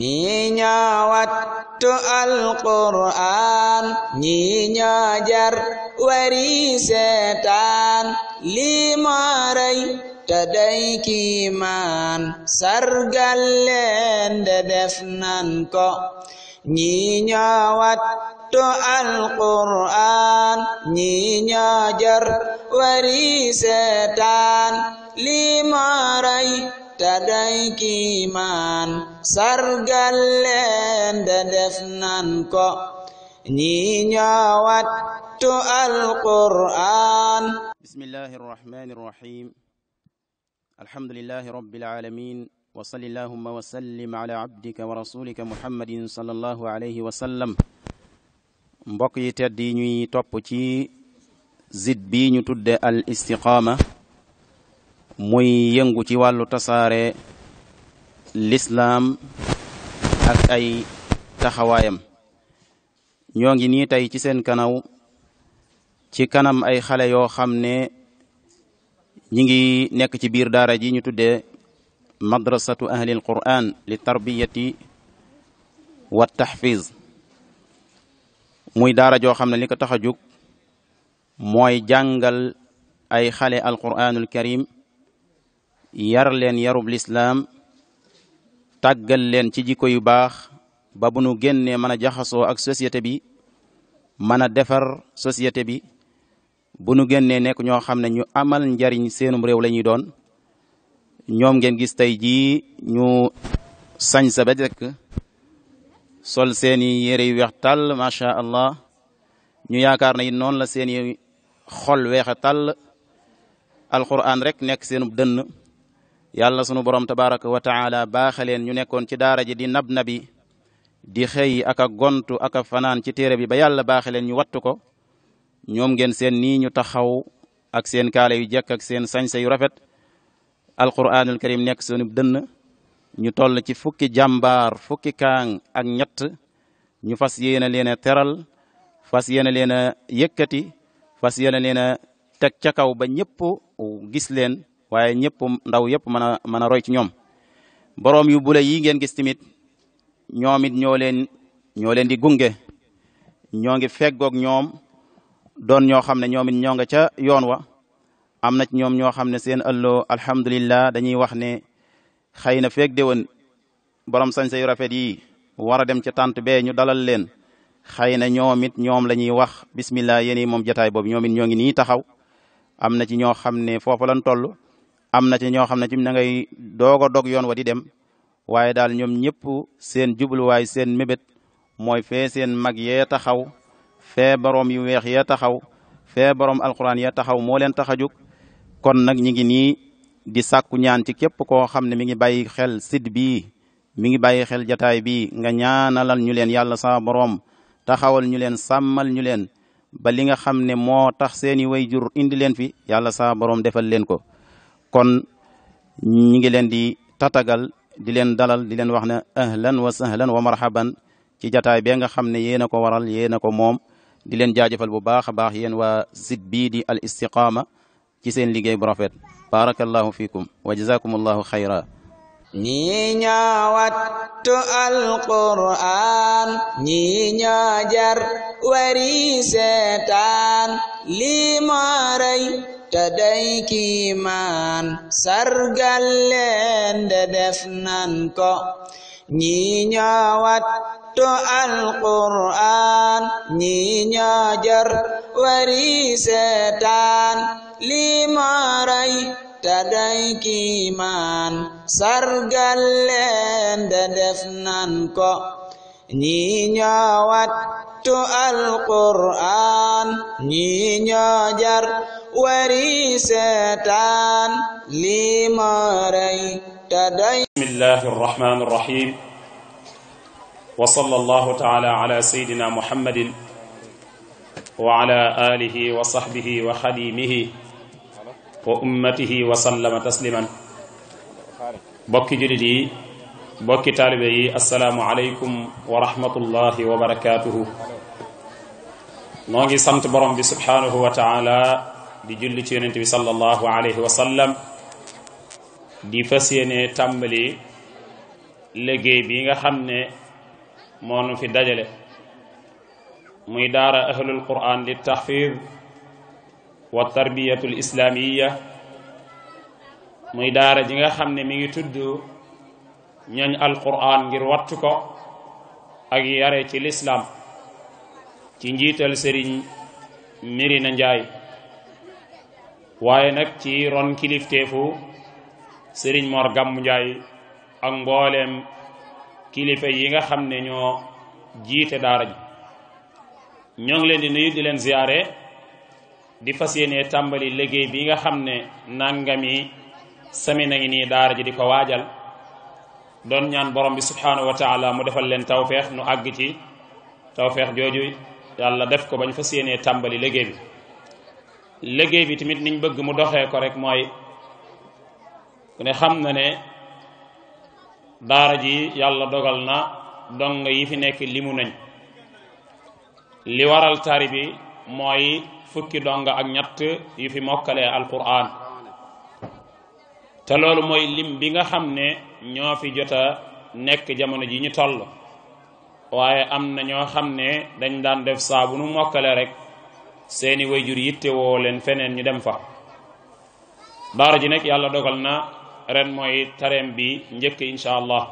ñii ñoo wattu alquraan ñii ñoo jar wari seetaan lii mooray te ko ñii ñoo wattu alquraan ñii jar wari seetaan sargal leen da def nan ko ñi ñoowattu alquran bismillahi arrahmani arrahim alhamdulillahi rabbil alamin wa salli allahumma wa sallim ala abdika wa rasulika muhammadin sallallahu alayhi wa sallam mbokk yi tedd yi ñuy topp ci zid bi ñu tudde al istiqaama muy yëngu ci wàllu tasaare lislaam ak ay taxawaayam ñoo ngi nii tey ci seen kanaw ci kanam ay xale yoo xam ne ñi ngi nekk ci biir daara ji ñu tuddee madrasatu ahlil quran li tarbiyati wa tahfiz muy daara joo xam ne li ko tax a jóg mooy jàngal ay xale alquranul karim yar leen yarub lislaam tàggal leen ci jikko yu baax ba bu nu génnee mën a jaxasoo ak société bi mën a defar société bi bu nu génnee nekk ñoo xam ne ñu amal njariñ seenum réew la ñuy doon ñoom ngeen gis tey jii ñu sañ sa ba dekk sol seeni yére yu weex tàll macha allah ñu yaakaar na it noonu la seeni xol weexe tàll alquran rek nekk seenub dënn yàlla na sunu borom tabaraka wa taala baaxaleen ñu nekkoon ci daara ji di nab nabi di xëy ak a gontu ak a fanaan ci téere bi ba yàlla baaxaleen ñu wattu ko ñoom ngeen seen nii ñu taxaw ak seen kaala yu jekk ak seen sañse yu rafet alquranul karim nekk sunu dënn ñu toll ci fukki jàmbaar fukki kaang ak ñett ñu fas yéene leen a teral fas yéene leen a yëkkati fas yéene leen a teg ca kaw ba ñëpp gis leen waaye ñëpp ndaw yëpp mën a mën a roy ci ñoom boroom yu bula yi ngeen gis tamit ñoom it ñoo leen ñoo leen di gunge ñoo ngi feggoog ñoom doon ñoo xam ne ñoomit it ñoo nga ca yoon wa am na ci ñoom ñoo xam ne seen ëlloo alhamdulillah dañuy wax ne xëy na feeg déwén borom sañse yu rafet yi war a dem ca tant be ñu dalal leen xay na ñoom it ñoom la ñuy wax bismillah yéen moom jataay boobu ñoom it ñoo ngi nii taxaw am na ci ñoo ne foofa lañ am na ci ñoo xam ne ci da ngay doog a dog yoon wa di dem waaye daal ñoom ñëpp seen jubluwaay seen mébét mooy fee seen mag yee taxaw fee boroom yu weex yee taxaw fee boroom alquran yee taxaw moo leen tax a jóg kon nag ñi ngi nii di sàkku ñaan ci képp koo xam ne mi ngi bàyyi xel sid bi mi ngi bàyyi xel jataay bi nga ñaanalal ñu leen yàlla sa boroom taxawal ñu leen sàmmal ñu leen ba li nga xam ne moo tax seeni way jur indi leen fi yàlla sa boroom defal leen ko kon ñi ngi leen di tatagal di leen dalal di leen wax ne ahlan wa sahlan wa marhaban ci jataay be nga xam ne yéen a ko waral yéen a ko moom di leen jaajëfal bu baax a baax yéen waa sit bii di al istiqaama ci seen liggéey bu rafet barakallahu fikum wa jazakumullahu xayra ñii ñoo wattu alquraan ñii ñoo jar wari seetaan lii moo te day kiimaan sargal leen de def nan ko ñi ñoo wattu alquraan ñi ñoo jër wari seetaan lii mooray te day kiimaan sargal leen de def nan ko ñi ñoo wattu alquraan ñi ñoo jër wari seetaan lii ma rey te doy. bismillahi rahmaani rahim wa sallallahu taala ala sayyidina muhammadin wa ala alihi wa sahbihi wa xadimihi wa ummatihi wa sallama tasliman bokki jullit yi bokki taalibe yi assalaamu aleykum wa rahmatullahi wa barakaatuhu noo ngi sant borom bi subhaanahu wa taala di julli ci yonent bi sallallahu alayhi wa di fas yéene tàmbali bi nga xam ne moo nu fi dajale muy daara ahlul quran li tahfid wa tarbiyatu l islaamiya muy daara ji nga xam ne mi ngi tudd ñooñ alquran ngir wattu ko ak yare ci lislaam ci njiital sëriñ Mirina Njaay waaye nag ci ron kilifteefu Serigne Mor Gàmmu Njaay ak mbooleem kilifa yi nga xam ne ñoo jiite daara ji ñoo ngi leen di nuyu di leen ziyaare di fas yéene tàmbali liggéey bi nga xam ne nangami sami na ngi nii daara ji di ko waajal doon ñaan borom bi subhanahu wa taala mu defal leen tawfeex nu àgg ci tawfeex jooju yàlla def ko bañ fas yéene tàmbali liggéey bi liggéey bi tamit niñ bëgg mu doxe ko rek mooy ne xam na ne daara ji yàlla dogal na dong yi fi nekk limu nañ li waral tari bi mooy fukki dong ak ñatt yu fi mokkalee alquran te loolu mooy lim bi nga xam ne ñoo fi jota nekk jamono ji ñu toll waaye am na ñoo xam ne dañ daan def saa nu mokkale rek seeni wayjur yitte woo leen feneen ñu dem fa daara ji nekk yàlla dogal na ren mooy tareem bi njëkk incha allah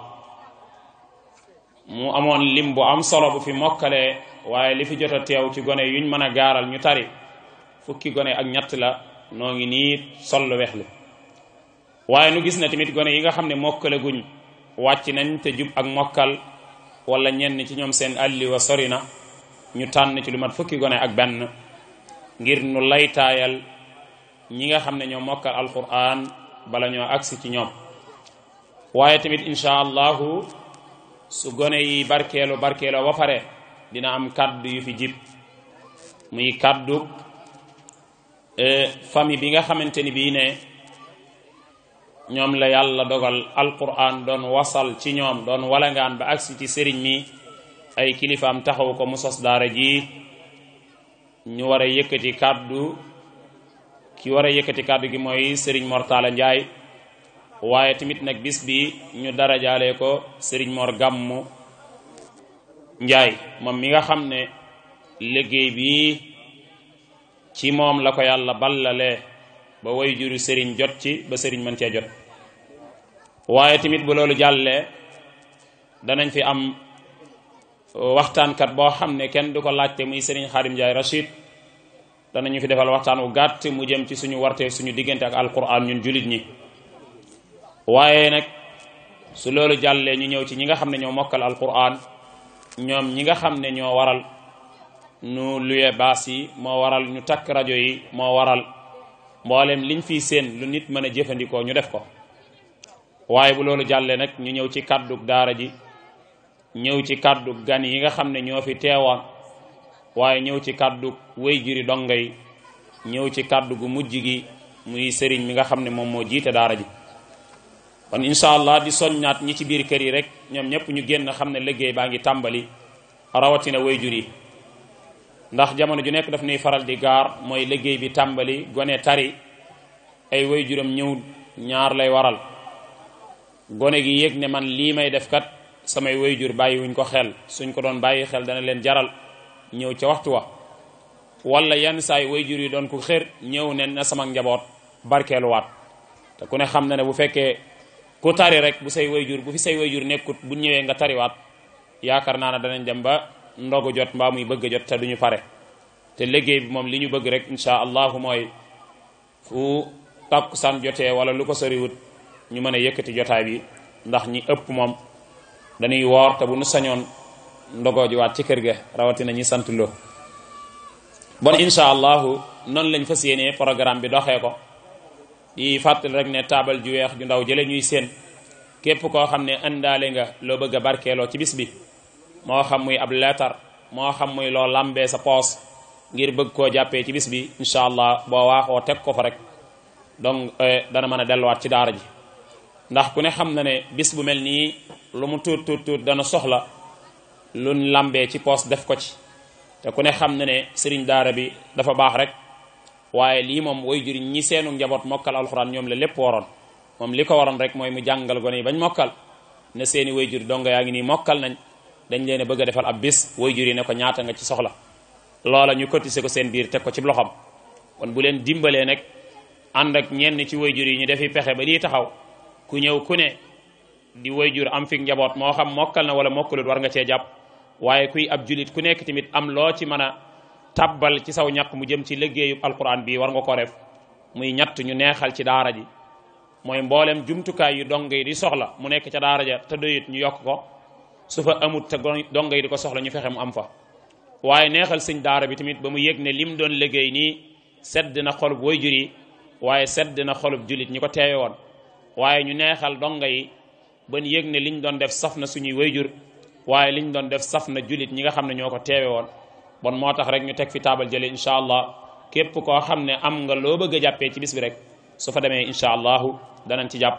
mu amoon lim bu am solo bu fi mokkale waaye li fi jot a teew ci gone yuñ mën a gaaral ñu tari fukki gone ak ñett la noo ngi nii sollu wexlu waaye nu gis na tamit gone yi nga xam ne mokkale guñ wàcc nañ te jub ak mokkal wala ñenn ci ñoom seen àlli wa sori na ci lu mat fukki gone ak benn ngir nu laytaayal ñi nga xam ne ñoo mokkal alquran bala ñoo agsi ci ñoom waaye tamit incha allahu su gone yi barkeelu barkeeloo ba pare dina am kàddu yu fi jib muy kàddu e, famille bi nga xamante ni bii ne ñoom la yàlla dogal alquran doon wasal ci ñoom doon walangaan ba agsi ci sëriñ mi ay kilifaam taxaw ko mu sos daara ñu war a yëkkati kàddu ki war a yëkkati kàddu gi mooy Serigne Mor Talla Ndiaye waaye tamit nag bis bi ñu dara darajaale ko sëriñ Mor Gàmmu njaay moom mi nga xam ne liggéey bi ci moom la ko yàlla ballale ba way juru sëriñ jot ci ba sëriñ mën cee jot waaye tamit bu loolu jàllee danañ fi am waxtaankat boo xam ne kenn du ko laajte muy Serigne Xaadim Njaay Rachid danañu fi defal waxtaan wu gàtt mu jëm ci suñu wartee suñu diggante ak alquran ñun julit ñi waaye nag su loolu jàllee ñu ñëw ci ñi nga xam ne ñoo mokkal alquran ñoom ñi nga xam ne ñoo waral nu luye baas yi moo waral ñu takk rajo yi moo waral mbooleem liñ fiy seen lu nit mën a jëfandikoo ñu def ko waaye bu loolu jàllee nag ñu ñëw ci kàddug daara ji ñëw ci kàddu gan yi nga xam ne ñoo fi teewoon waaye ñëw ci kàddu wéy juri donga yi ñëw ci kàddu gu mujj gi muy sëriñ mi nga xam ne moom moo jiite daara ji kon incha allah di soññaat ñi ci biir kër yi rek ñoom ñëpp ñu génn xam ne liggéey baa ngi tàmbali rawatina wéy jur yi ndax jamono ju nekk daf nuy faral di gaar mooy liggéey bi tàmbali gone tari ay wéy ñëw ñaar lay waral gone gi yéeg ne man lii may def kat samay wayjur bàyyi wuñ ko xel suñ ko doon bàyyi xel dana leen jaral ñëw ca waxtu wa wala yenn saay wayjur yi doon ko xër ñëw ne na sama njaboot barkeelu barkeeluwaat te ku ne xam na ne bu fekkee ku tari rek bu say wayjur bu fi say wayjur nekkut bu ñëwee nga tariwaat yaakaar naa ne danañ dem ba ndogu jot mbaa muy bëgg jot te duñu pare te liggéey bi moom li ñu bëgg rek insha allahu mooy fu takkusaan jotee wala lu ko soriwut ñu mën a yëkkati jotaay bi dañuy woor te bu nu sañoon ndogoo ji ci kër ga rawatina ñi sant loo bon incha allahu noonu lañ fas yéenee programme bi doxee ko di fàttali rek ne taabal ju weex ju ndaw jële ñuy séen képp koo xam ne indaale nga loo bëgg a barkeeloo ci bis bi moo xam muy ab leetar moo xam muy loo lambee sa poos ngir bëgg koo jàppee ci bis bi incha allah boo waaxoo teg ko fa rek donc euh, dana mën a delluwaat ci daara ji ndax ku ne xam na ne bis bu mel nii lu mu tuut tuut tuut dana soxla luñ làmbee ci poos def ko ci te ku ne xam na ne sëriñ daara bi dafa baax rek waaye lii moom way jur ñi seenu njaboot mokkal alxuraan ñoom la lépp waroon moom li ko waroon rek mooy mu jàngal gone yi bañ mokkal ne seeni way jur donga yaa ngi nii mokkal nañ dañ leen a bëgg defal ab bis way jur yi ne ko ñaata nga ci soxla loola ñu cotiser ko seen biir teg ko ci loxoom kon bu leen dimbalee nag ànd ak ñenn ci way jur yi ñu defi pexe ba lii taxaw ku ñëw ku ne di wayjur am fi njaboot moo xam mokkal na wala mokkalut war nga cee jàpp waaye kuy ab julit ku nekk tamit am loo ci mën a tabbal ci saw ñàkk mu jëm ci liggéeyu alquran bi war nga ko def muy ñett ñu neexal ci daara ji mooy mboolem jumtukaay yu dong yi di soxla mu nekk ca daara ja te doyit ñu yokk ko su fa amut te dong yi di ko soxla ñu fexe mu am fa waaye neexal sëñ daara bi tamit ba mu yëg ne lim doon liggéey nii sedd na xolub wayjur yi ko teewe woon waaye ñu neexal donga yi ban yëg ne liñ doon def saf na suñuy wayjur waaye liñ doon def saf na julit ñi nga xam ne ñoo ko teewe woon bon moo tax rek ñu teg fi taabal jële incha allah képp koo xam ne am nga loo bëgg a jàppee ci bis bi rek su fa demee incha allahu danañ ci jàpp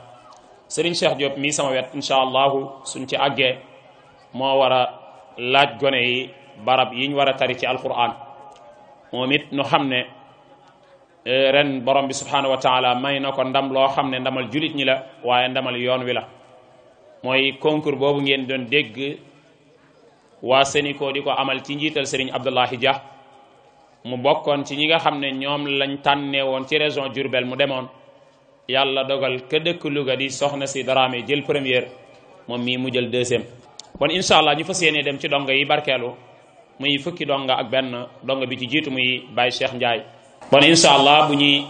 sëriñ Cheikh Diop mii sama wet incha allahu suñ ci àggee moo war a laaj gone yi barab yiñ war a tari ci alquran moom it nu xam ne Eh, ren borom bi subhaanahu wa taala may na ko ndam loo xam ne ndamal julit ñi la waaye ndamal yoon wi la mooy concours boobu ngeen doon dégg waa Sénico di ko amal ci njiital Serigne Abdoulahi Dia mu bokkoon ci ñi nga xam ne ñoom lañ tànnee woon ci région Diourbel mu demoon yàlla dogal ka dëkk Louga di soxna si Dramé jël première moom mii mu jël deuxième. kon incha allah ñu fas yéene dem ci donga yi barkeelu muy fukki donga ak benn donga bi ci jiitu mu Baye Cheikh Ndiaye. bon incha allah bu ñuy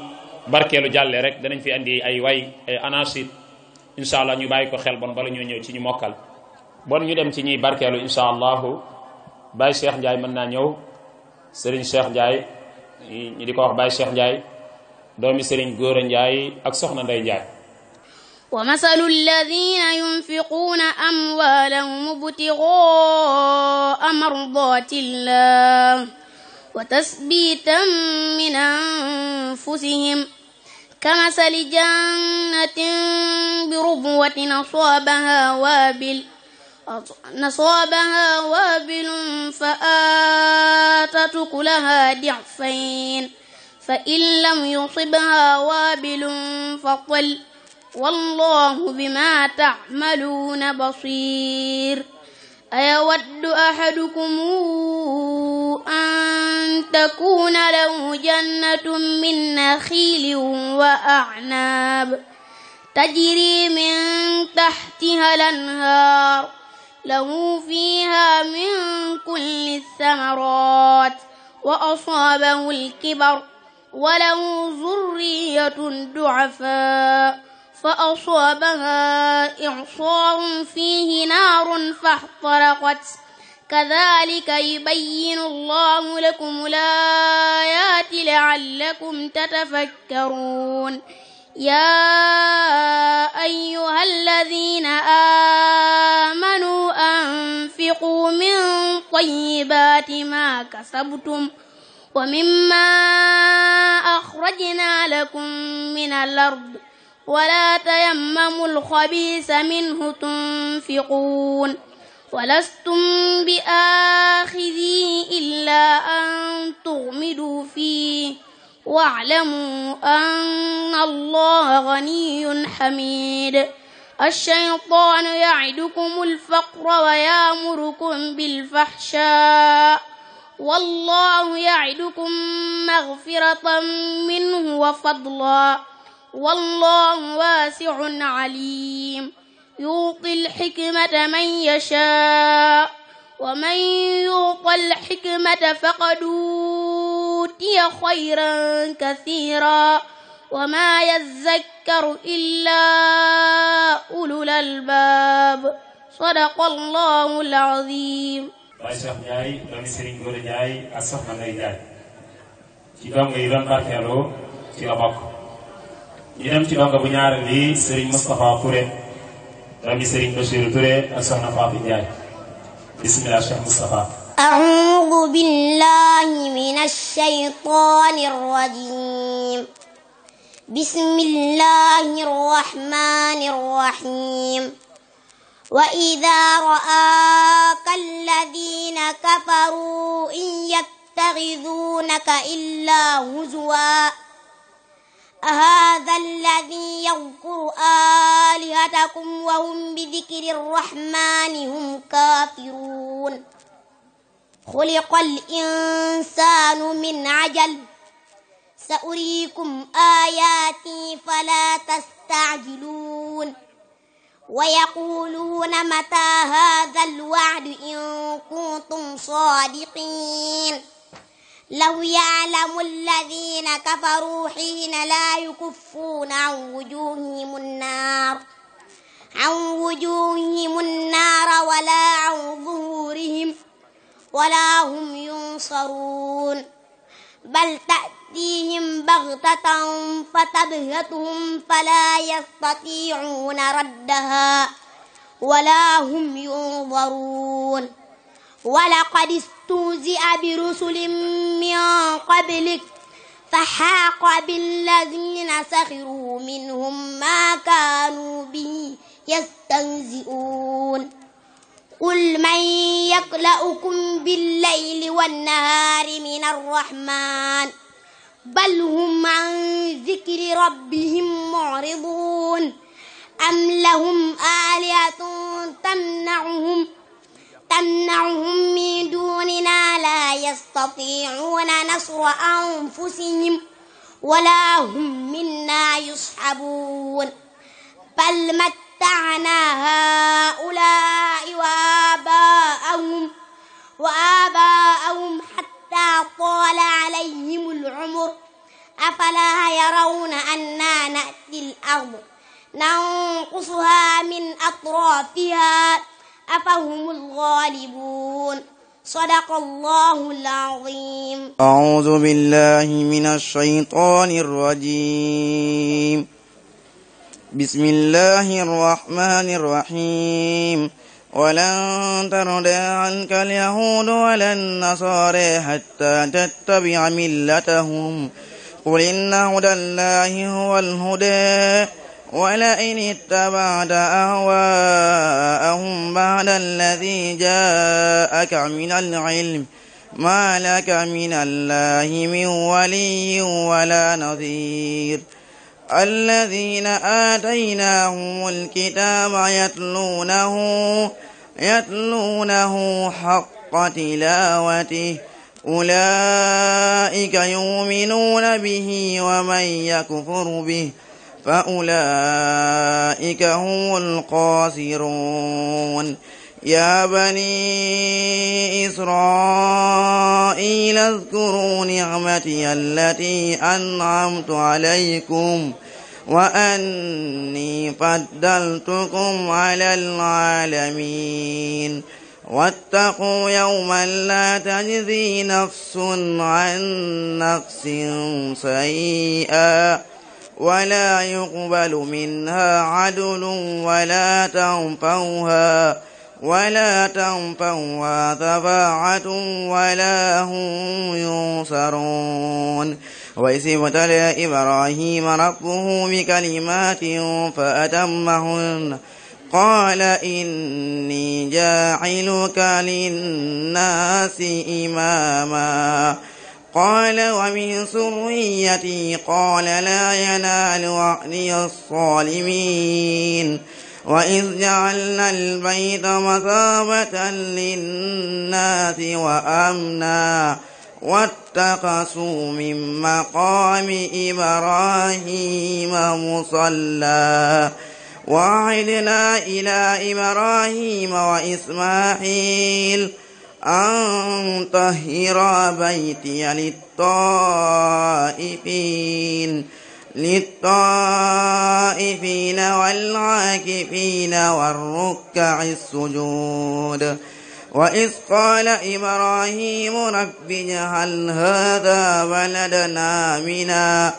barkeelu jàllee rek danañ fi andi ay way ay anacid incha ñu bàyyi ko xel bon bala ñoo ñëw ci ñu mokkal bon ñu dem ci ñuy barkeelu incha allahu Baye Cheikh Ndiaye mën naa ñëw Serigne Cheikh Ndiaye ñu di ko wax Baye Cheikh Ndiaye doomi Serigne Góora Ndiaye ak Soxna Ndey Ndiaye ومثل الذين ينفقون أموالهم ابتغاء مرضات وتثبيتا من أنفسهم كمثل جنة بربوة أصابها وابل نصابها وابل فآتت كلها ضعفين فإن لم يصبها وابل فطل والله بما تعملون بصير أيود أحدكم أن تكون له جنة من نخيل وأعناب تجري من تحتها الأنهار له فيها من كل الثمرات وأصابه الكبر وله ذرية ضعفاء فأصابها إعصار فيه نار فاحترقت كذلك يبين الله لكم الآيات لعلكم تتفكرون يا أيها الذين آمنوا أنفقوا من طيبات ما كسبتم ومما أخرجنا لكم من الأرض ولا تيمموا الخبيث منه تنفقون ولستم بآخذيه إلا أن تغمدوا فيه واعلموا أن الله غني حميد الشيطان يعدكم الفقر ويامركم بالفحشاء والله يعدكم مغفرة منه وفضلا والله واسع عليم يوطي الحكمة من يشاء ومن يوق الحكمة فقد أوتي خيرا كثيرا وما يذكر إلا أولو الألباب صدق الله العظيم Baye Cheikh Ndiaye doomi Serigne Gora Ndiaye ak soxna Ndeye Ndiaye ci doom yi doon barkeeloo ci la bokk ñu dem ci donga bu ñaareel bi Serigne Moustapha Touré doomi Serigne Bachir Touré ak soxna Fatou Ndiaye bismillah Cheikh Moustapha أعوذ بالله من الشيطان الرجيم بسم الله الرحمن الرحيم وإذا رآك الذين كفروا إن يتخذونك إلا هزواً أهذا الذي يذكر آلهتكم وهم بذكر الرحمن هم كافرون خلق الإنسان من عجل سأريكم آياتي فلا تستعجلون ويقولون متى هذا الوعد إن كنتم صادقين لو يعلم الذين كفروا حين لا يكفون عن وجوههم النار عن وجوههم النار ولا عن ظهورهم ولا هم ينصرون بل تأتيهم بغتة فتبهتهم فلا يستطيعون ردها ولا هم ينظرون ولقد استهزئ برسل من قبلك فحاق بالذين سخروا منهم ما كانوا به يستهزئون قل من يكلأكم بالليل والنهار من الرحمن بل هم عن ذكر ربهم معرضون أم لهم آلهة تمنعهم تمنعهم من دوننا لا يستطيعون نصر أنفسهم ولا هم منا يصحبون بل متعنا هؤلاء وآباءهم وآباءهم حتى طال عليهم العمر أفلا يرون أنا نأتي الأرض ننقصها من أطرافها أفهم الغالبون صدق الله العظيم أعوذ بالله من الشيطان الرجيم بسم الله الرحمن الرحيم ولن ترضى عنك اليهود ولا النصارى حتى تتبع ملتهم قل إن هدى الله هو الهدى ولئن اتبعت أهواءهم بعد الذي جاءك من العلم ما لك من الله من ولي ولا نظير الذين آتيناهم الكتاب يتلونه يتلونه حق تلاوته أولئك يؤمنون به ومن يكفر به فأولئك هم القاسرون يا بني إسرائيل اذكروا نعمتي التي أنعمت عليكم وأني فضلتكم على العالمين واتقوا يوما لا تجزي نفس عن نفس شيئا ولا يقبل منها عدل ولا تنفوها ولا تنفوها ثفاعة ولا هم ينصرون وإذ ابتلى إبراهيم ربه بكلمات فأتمهن قال إني جاعلك للناس إماما قال ومن سريتي قال لا ينال وعدي الصالمين وإذ جعلنا البيت مثابة للناس وأمنا واتقصوا من مقام إبراهيم مصلى وعدنا إلى إبراهيم وإسماعيل أن طهر بيتي للطائفين للطائفين والعاكفين والركع السجود وإذ قال إبراهيم رب اجعل هذا بلدنا منا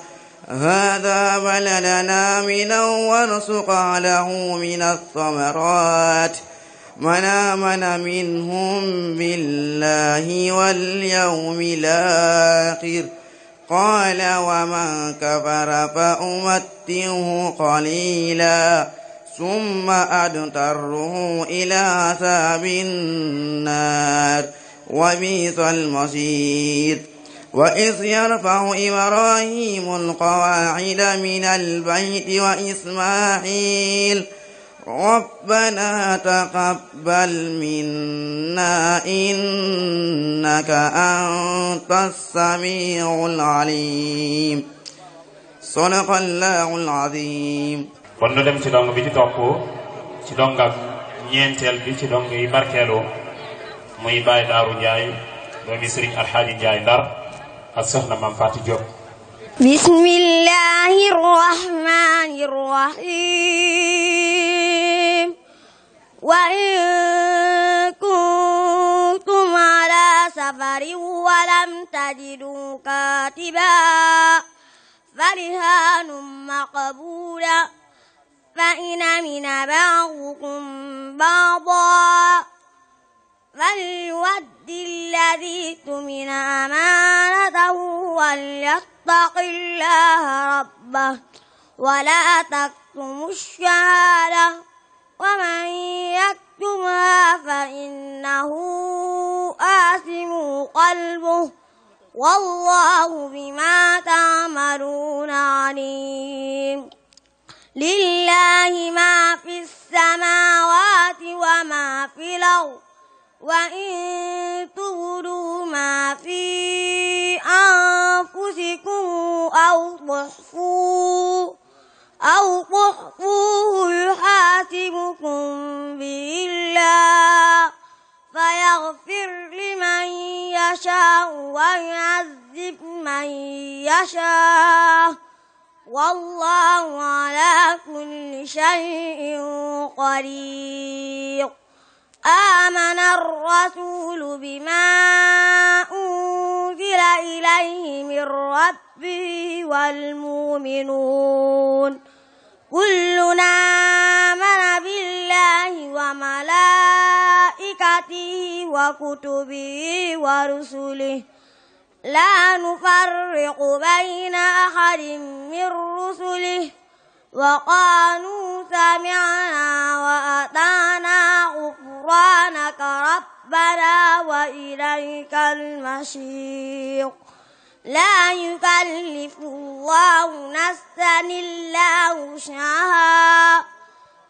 هذا بلدنا منا وارزق له من الثمرات ۖ من آمن منهم بالله واليوم الآخر قال ومن كفر فأمته قليلا ثم أدتره إلى ثاب النار وبئس المصير وإذ يرفع إبراهيم القواعد من البيت وإسماعيل ۖ ربنا تقبل منا إنك أنت السميع العليم صدق الله العظيم kon nu dem ci dong bi ci topp ci dong ak ñeenteel bi ci dong yi barkeelu muy Baay Daaru Njaay doomi Sëriñ Alxaaji Njaay Ndar ak soxna Maam Faati Jóob bismillaahi rahmaani rahiim وإن كنتم على سفر ولم تجدوا كاتبا فرهان مقبولا فإن من بعضكم بعضا فليؤد الذي تمن أمانته وليتق الله ربه ولا تكتموا الشهادة ومن يكتمها فإنه آثم قلبه والله بما تعملون عليم لله ما في السماوات وما في الأرض وإن تبدوا ما في أنفسكم أو تحفوه أو تخفوه يحاسبكم به الله فيغفر لمن يشاء ويعذب من يشاء والله على كل شيء قدير آمن الرسول بما أنزل إليه من ربه والمؤمنون كلنا آمن بالله وملائكته وكتبه ورسله لا نفرق بين أحد من رسله وقالوا سمعنا وأطعنا غفرانك ربنا وإليك المشيق لا يكلف الله نفسا إلا وسعها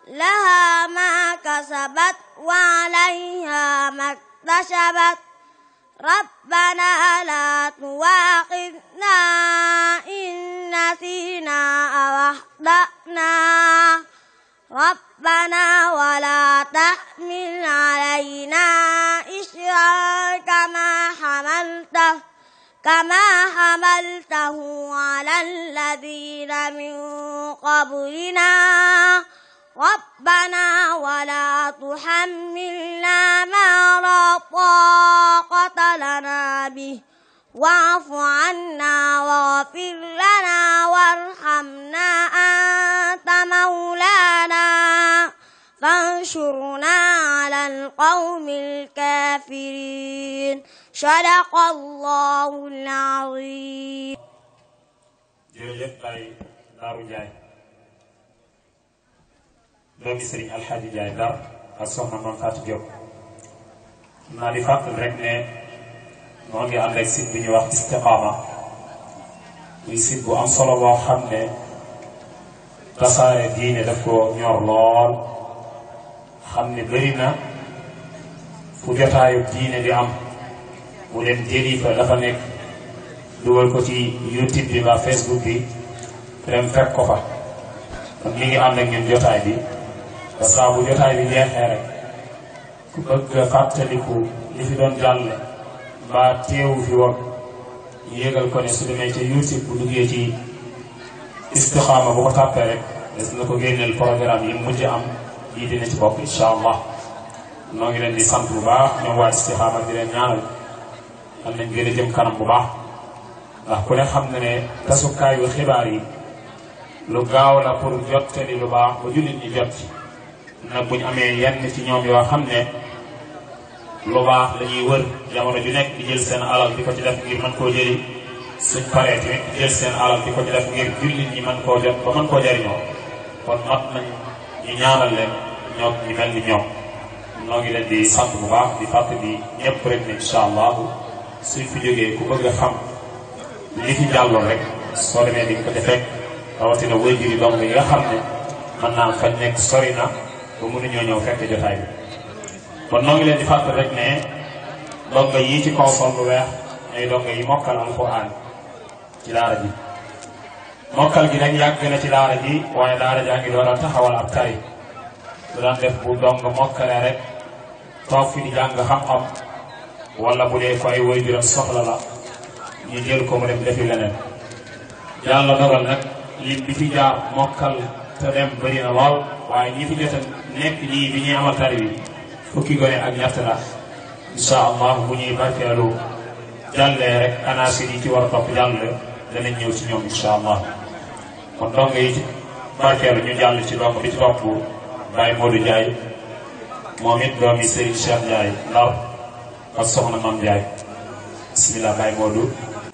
لها ما كسبت وعليها ما اكتسبت ربنا لا تواخذنا إن نسينا أو أخطأنا ربنا ولا تحمل علينا إشرا كما حملته كما حملته على الذين من قبلنا ربنا ولا تحملنا ما لا طاقة لنا به واعف عنا واغفر لنا وارحمنا أنت مولانا فانشرنا على القوم الكافرين صدق الله العظيم jërëjëf Baye Darou Ndiaye doomi Sëriñ Alxaaji Ndiaye Dar ak soxna Mame Fatou Diop naa di fàttali rek ne moo ngi ànd ak site bu ñuy wax Istiqaama muy site bu am solo boo xam ne tasaare diine daf ko ñor lool am ne bëri na fu jotaayu diine di am mu dem jëli fa la nekk dugal ko ci youtube bi mbaa facebook bi dem fekk ko fa kon mi ngi ànd jotaay bi ba saa jotaay bi jeexee rek ku bëgg fàttaliku li doon jàll mbaa teewu fi woon yëgal ko ne su demee ca youtube bu duggee ci istixaama bu ko tàppee rek des na ko génneel programme yi mujj am yi dina ci bokk incha allah noo ngi leen di sant bu baax ñoom waa istixaama di leen ñaanal am nañ gën jëm kanam bu baax ndax ku ne xam na ne tasukaayu xibaar yi lu gaaw la pour jottali lu baax ba jullit ñi jot nag buñ amee yenn ci ñoom yoo xam ne lu baax dañuy wër jamono ju nekk di jël seen alal di ko ci def ngir mën koo jëriñ jël ko ba mën koo jëriñoo ñu ñaanal leen ñoo ñu mel ni ñoom ñoo ngi leen di sant bu baax di fàttali ñëpp rek ne incha allah suñ fi jógee ku bëgg a xam li fi jàlloon rek soo demee di nga ko defee rawatina yi dong yi nga xam ne mën naa fañ nekk sori na ba ñëw fekk jotaay bi. kon noo leen di fàttali rek ne donga yi ci kaw sol lu weex ñooy donga yi mokkal alquran ci daara ji. mokkal gi nag yàgg na ci daara ji waaye daara jaa ngi door a taxawal ab tari lu daan def bu dong mokkale rek toog fi di jàng xam-xam wala bu dee ko ay waajuram soxla la ñu jël ko mu dem defi leneen yàlla dogal nag lim bi fi jaar mokkal te dem bëri na lool waaye ñi fi jot a nekk ñii bi ñuy amal tari bi fukki gone ak ñett la insha allah bu ñuy barkeelu jàllee rek anaasir yi ci war a topp jàll danañ ñëw ci ñoom insha allah kon ndongo yi ci barkeelu ñu jàll ci ndongo bi ci topp Baye Modou Ndiaye moom it doom yi Serigne Cheikh Ndiaye Ndar ak soxna Mame Ndiaye bismillah Baye Modou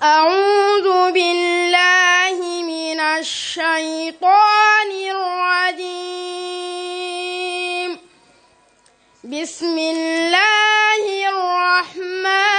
أعوذ بالله من الشيطان الرجيم بسم الله الرحمن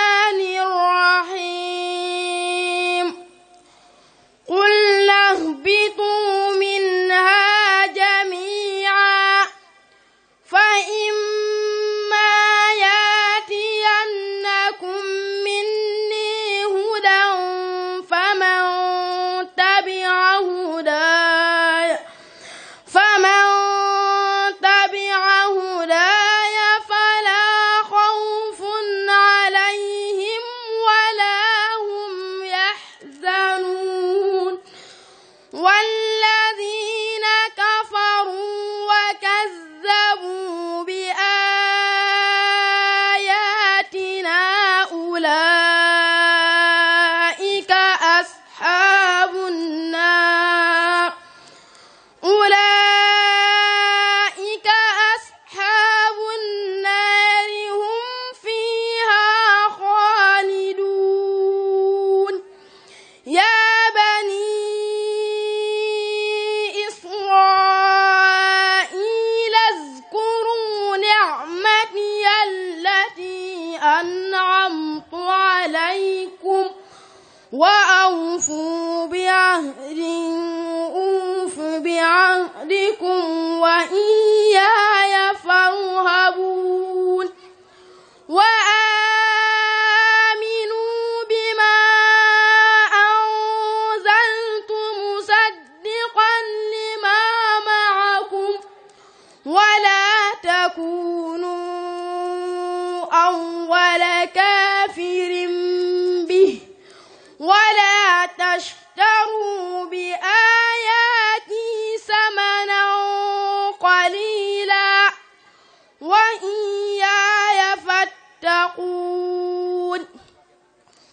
تفسدون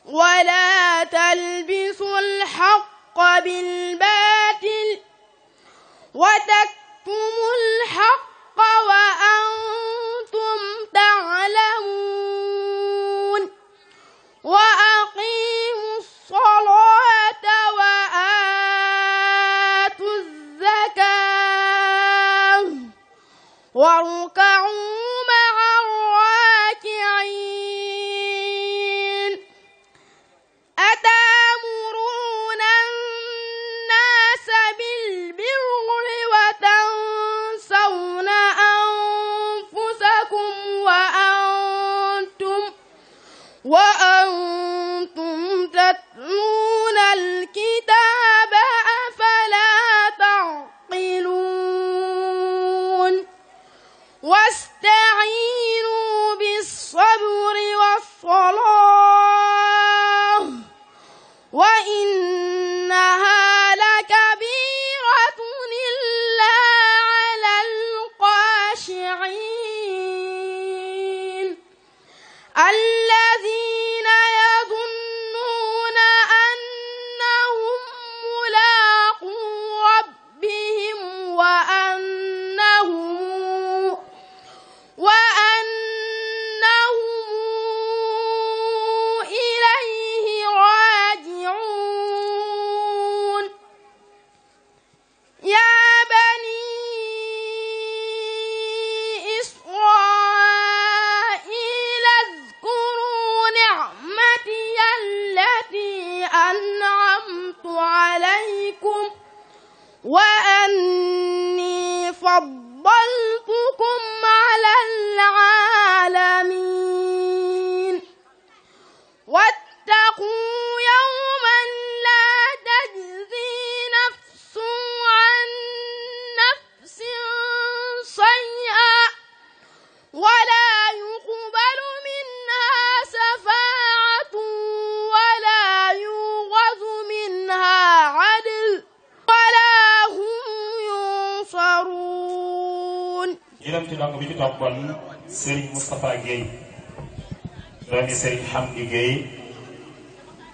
ولا تلبسوا الحق بالباطل وتكتموا الحق وأنتم تعلمون وأقيموا الصلاة وآتوا الزكاة واركعوا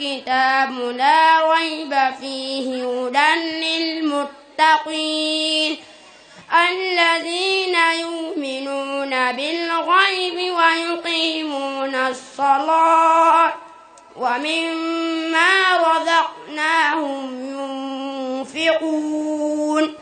الكتاب لا ريب فيه هدى للمتقين الذين يؤمنون بالغيب ويقيمون الصلاة ومما رزقناهم ينفقون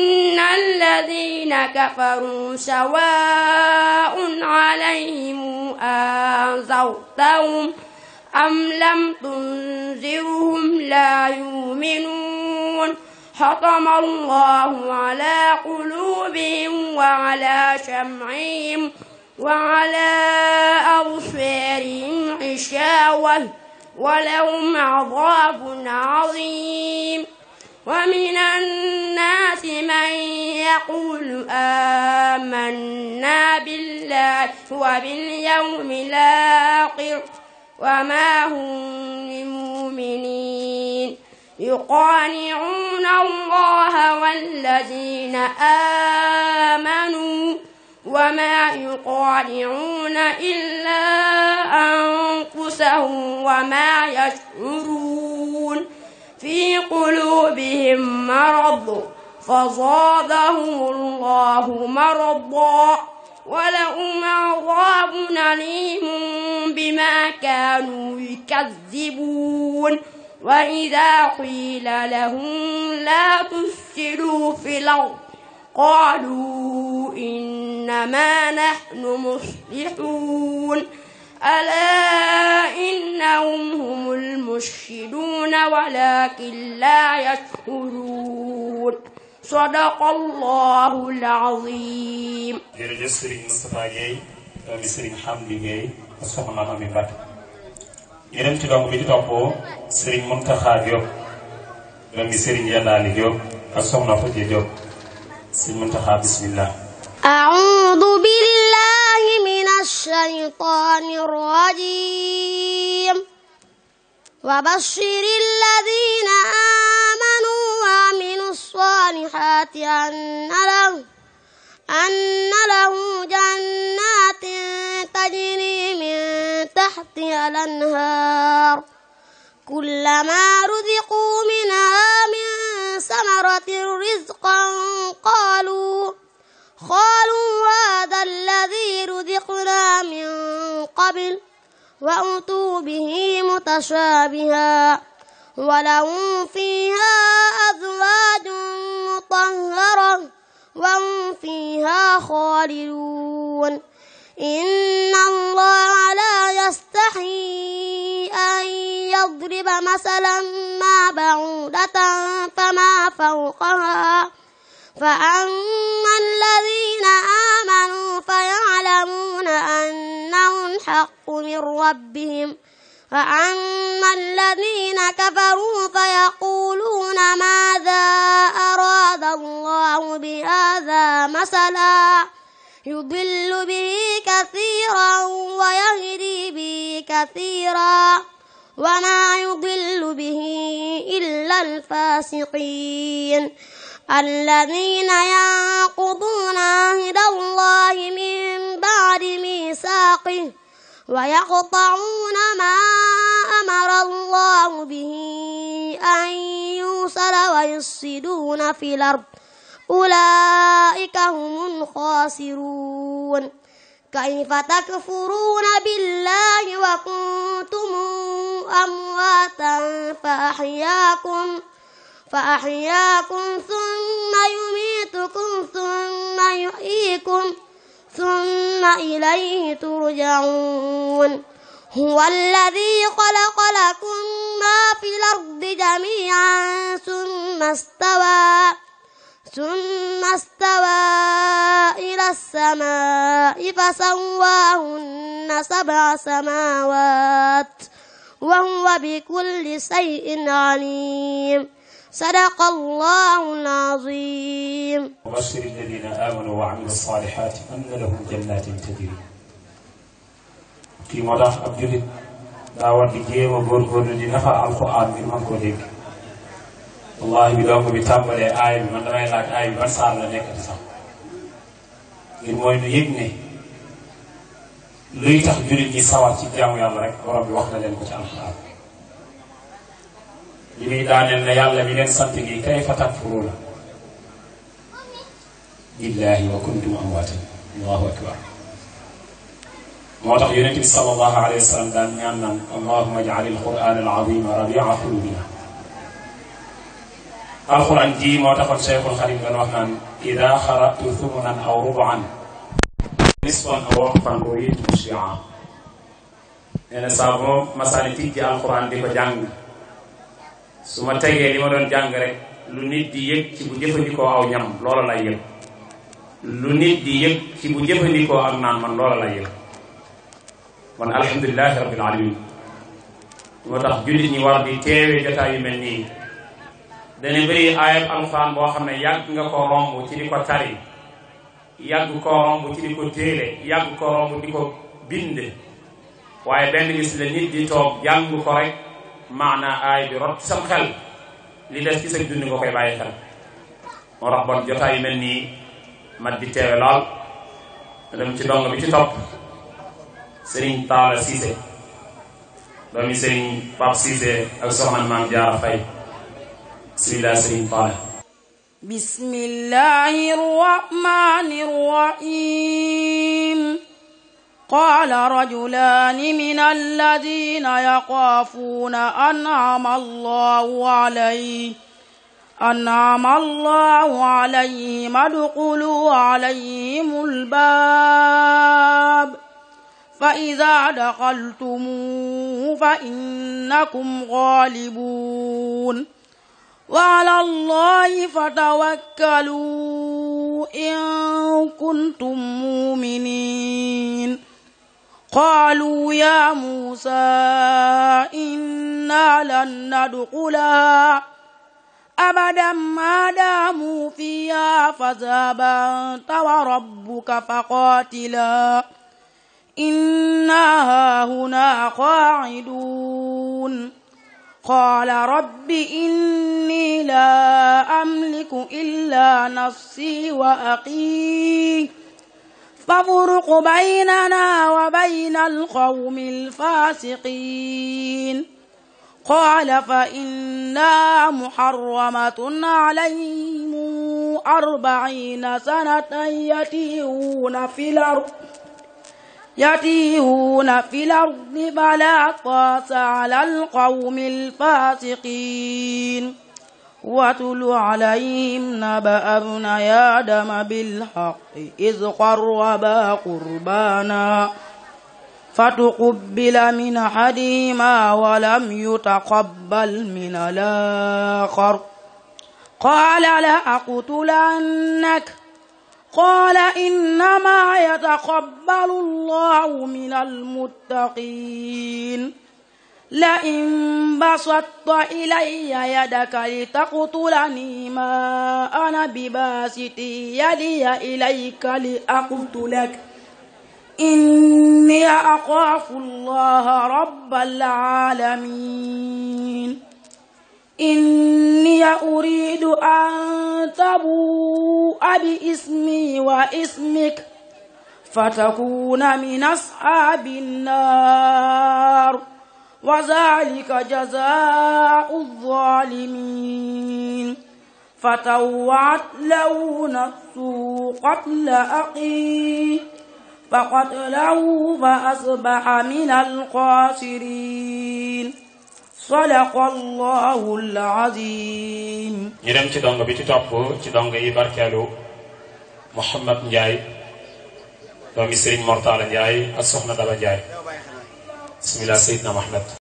الذين كفروا سواء عليهم أنذرتهم أم لم تنذرهم لا يؤمنون حطم الله على قلوبهم وعلى شمعهم وعلى أبصارهم غشاوة ولهم عذاب عظيم ومن الناس من يقول آمنا بالله وباليوم الآخر وما هم بمؤمنين يقانعون الله والذين آمنوا وما يقانعون إلا أنفسهم وما يشعرون في قلوبهم مرض فصابهم الله مرضا ولهم عذاب أليم بما كانوا يكذبون وإذا قيل لهم لا تفسدوا في الأرض قالوا إنما نحن مصلحون ألا إنهم هم المشهدون ولكن لا يشكرون صدق الله العظيم jërëjëf Serigne Moustapha Guèye doomi Serigne Hamdi Guèye ak soxna Ami Mbacké yeneen ci dong bi ci toppoo Serigne Mountakha Diop doomi Serigne Yandali Diop ak soxna Fatou Diop Serigne Mountakha bismillah أعوذ بالله من الشيطان الرجيم وبشر الذين آمنوا وعملوا الصالحات أن لهم أن له جنات تجري من تحتها الأنهار كلما رزقوا منها من ثمرة رزقا قالوا قالوا هذا الذي رزقنا من قبل وأتوا به متشابها ولهم فيها أزواج مطهرة وهم فيها خالدون إن الله لا يستحي أن يضرب مثلا ما بعودة فما فوقها فأما الذين آمنوا فيعلمون أنه الحق من ربهم وأما الذين كفروا فيقولون ماذا أراد الله بهذا مثلا يضل به كثيرا ويهدي به كثيرا وما يضل به إلا الفاسقين الذين ينقضون عهد الله من بعد ميثاقه ويقطعون ما أمر الله به أن يوصل ويفسدون في الأرض أولئك هم الخاسرون كيف تكفرون بالله وكنتم أمواتا فأحياكم فأحياكم ثم يميتكم ثم يحييكم ثم إليه ترجعون هو الذي خلق لكم ما في الأرض جميعا ثم استوى ثم استوى إلى السماء فسواهن سبع سماوات وهو بكل شيء عليم sadaqallaahu al-aziim. wa bashiri lladiina aamanuu wa amilu saalihaati anna lahum jannaatin tajrii. kii moo tax ab jullit daa war di jéem a góorgóorlu di nafar alxuraan ngir mën koo dégg. wallaahi bi dong bi tàmbalee aay bi man damay laaj aay bi ban saar la nekkati sax ngir mooy nu yëg ne luy tax jullit ñi sawar ci jaamu yàlla rek borom bi wax na leen ko ci alxuraan. li muy daaneel ne yàlla mi leen sant nii kay fa takfuruuna billaahi wa kuntum amwaatan allahu akbar moo tax yonent bi sallallahu alayhi wa sallam daan ñaan naan allahumma ij'al al-qur'aan al-'aziim rabi'a quluubinaa alquran ji moo taxoon Cheikhul Xadim doon wax naan idaa xara'tu thumunan aw rubu'an nisfan aw ruban uriidu shii'an nee na saa boo masaani tijji alquran di ko jàng su ma tegee li ma doon jàng rek lu nit di yëg ci bu jëfandikoo aw ñam loola lay yëg lu nit di yëg ci bu jëfandikoo ak naan man loola lay yëg man alhamdulilahi rabbil alamin moo teewee jotaay yu mel nii dana bëri aayab alxuraan boo xam ne yàgg nga ko romb ci di ko tari yàgg ko romb ci di ko téele yàgg ko romb di ko bind waaye benn bis la nit di toog jàng ko rek maanaa aay bi rot sam xel li des ci sa dund nga koy bàyyi xel moo tax bon jotaay yu mel nii mat di teewe lool te dem ci dong bi ci topp sëriñ Taala Siise doomi sëriñ Pape Siise ak soxna Maam Jaara Fay bismillah sëriñ Taala bismillahi rahmani rahim قال رجلان من الذين يخافون أنعم الله عليه أنعم الله عليهم ادخلوا عليهم الباب فإذا دخلتموه فإنكم غالبون وعلى الله فتوكلوا إن كنتم مؤمنين قالوا يا موسى إنا لن ندخلها أبدا ما داموا فيها فاذهب أنت وربك فقاتلا إنا هاهنا قاعدون قال رب إني لا أملك إلا نفسي وأخيه فافرق بيننا وبين القوم الفاسقين قال فإنا محرمة عليهم أربعين سنة يتيهون في الأرض يتيهون في الأرض فلا قاس على القوم الفاسقين واتل عليهم نبأ ابن آدم بالحق إذ قربا قربانا فتقبل من أحدهما ولم يتقبل من الآخر قال لأقتلنك قال إنما يتقبل الله من المتقين لئن بسطت إلي يدك لتقتلني ما أنا بباسط يدي إليك لأقتلك إني أخاف الله رب العالمين إني أريد أن تبوء باسمي واسمك فتكون من أصحاب النار وذلك جزاء الظالمين فتوعت له نفسه قتل أخيه فقتله فأصبح من الخاسرين sadaqallahu al-azim ñu dem ci dong bi ci topp ci dong yi barkeelu Mouhamed Ndiaye doomi Serigne Mortala Ndiaye ak Soxna Daba Ndiaye bismillah seydina Muhammad